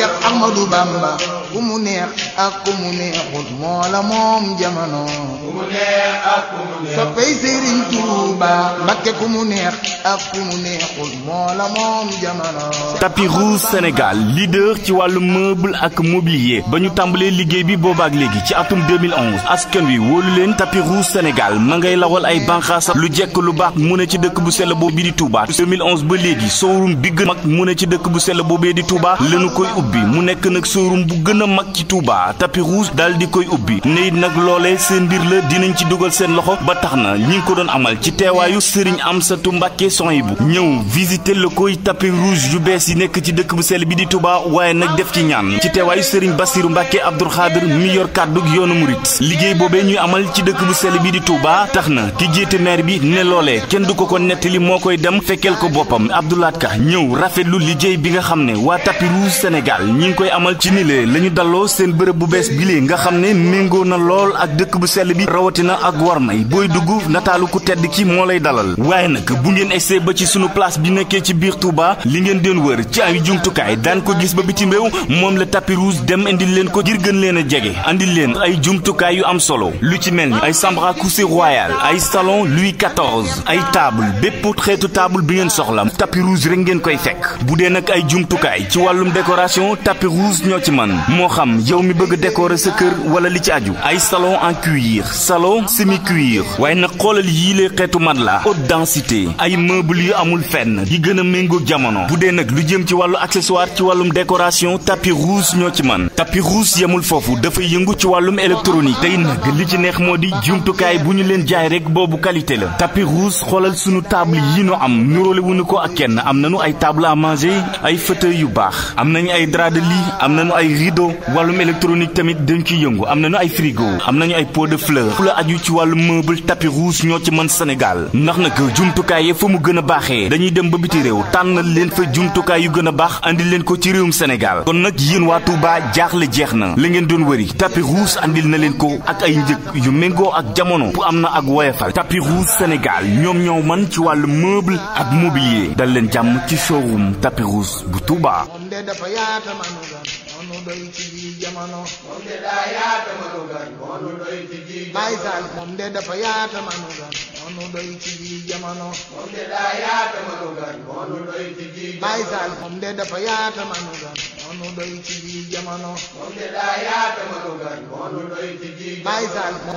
Cheikh Ahmadou Bamba ku mu ak ku mu neexut moo la moom jamono. ku mu neex ak mu neexut ci wàllu meuble ak mobilier ba ñu tàmbalee liggéey bi boobaak léegi ci atum 2011 askan wi wóolu leen tapis rouge Sénégal ma ngay lawal ay banqaasam lu jekk lu baax mu ne ci dëkk bu sell boobu di Touba ba léegi showroom bi gën mag mu ne ci dëkk bu sell boobee di Touba lañu koy ubbi. ubbi mu nekk nag showroom bu gën a mag ci Touba tapis rouge daal di koy ubbi ne nag loole seen mbir la dinañ ci dugal seen loxo ba tax na ñi ngi ko doon amal ci teewaayu Serigne Amsatou Mbacke bu ñëw visiter le koy tapis rouge yu bees yi nekk ci dëkk bu sell bi di Touba waaye nag def ci ñaan ci teewaayu Serigne Bassirou Mbacke Abdoul Khadir mi yor kàddu yoonu murit liggéey boobee ñuy amal ci dëkk bu sell bi di Touba tax na ki jiite maire bi ne loolee kenn du ko ko nettali moo koy dem fekkeel ko boppam Abdoulaat Ka ñëw rafetlu liggéey bi nga xam ne waa tapis ñu ngi koy amal ci niile la ñu dalloo seen bërëb bu bees bile nga xam ne méngoo na lool ak dëkk bu sell bi rawatina ak war warmay booy dugg nataalu ku tedd ki moo lay dalal waaye nag bu ngeen egsee ba ci sunu place bi nekkee ci biir Touba li ngeen doon wër ci ay jumtukaay daan ko gis ba bitim réew moom la tapis rouge dem indil leen ko ngir gën leen a jege andil leen ay jumtukaay yu am solo lu ci mel ni ay chambre à coucher ay salon luy XIV ay taabul bépp xeetu table bi ngeen soxla tapis rouge rek ngeen koy fekk bu dee nag ay jumtukaay ci wàllum décoration réalisation tapis rouge ñoo ci man moo xam yow mi bëgg décorer sa kër wala li ci aju ay salon en cuir salon semi cuir waaye nag xoolal yii lee xeetu matelas haute densité ay meubles yu amul fenn yi gën a méngoo jamono bu dee nag lu jëm ci wàllu accessoire ci wàllum décoration tapis rouge ñoo ci man tapis rouge yemul foofu dafay yëngu ci wàllum électronique tey nag li ci neex moo di jumtukaay bu ñu leen jaay rek boobu qualité la tapis rouge xoolal sunu table yi ñu am nuróole wuñu ko ak kenn am nañu ay table ay yu baax drap de lit am nañu ay rideau wàllum électronique tamit dem ciy yëngu am na nañu ay frigo am nañu ay pot de fleur fu la aju ci wàllu meuble tapis rouge ñoo ci man Sénégal ndax nag jumtukaay yi fa mu gën a baaxee dañuy dem ba biti réew tànnal leen fa jumtukaay yu gën a baax indi leen ko ci réewum Sénégal kon nag yéen waa Touba jaaxle jeex na li ngeen doon wëri tapis rouge andil na leen ko ak ay njëg yu méngoo ak jamono bu am na ak woyefal tapis rouge Sénégal ñoom ñoo man ci wàllu meuble ak mobilier dal leen jàmm ci showroom tapis rouge de dafa yaata manu gan moonu doy ci ji jamono moom de daa yaata manu gan moonu doy ci ji jamono Baay Saal moom de dafa yaata manu gan moonu doy ci ji jamono moom de daa yaata manu gan moonu doy ci ji jamono Baay Saal moom de dafa yaata manu gan moonu doy ci ji jamono moom de daa yaata manu gan moonu doy ci ji jamono Baay Saal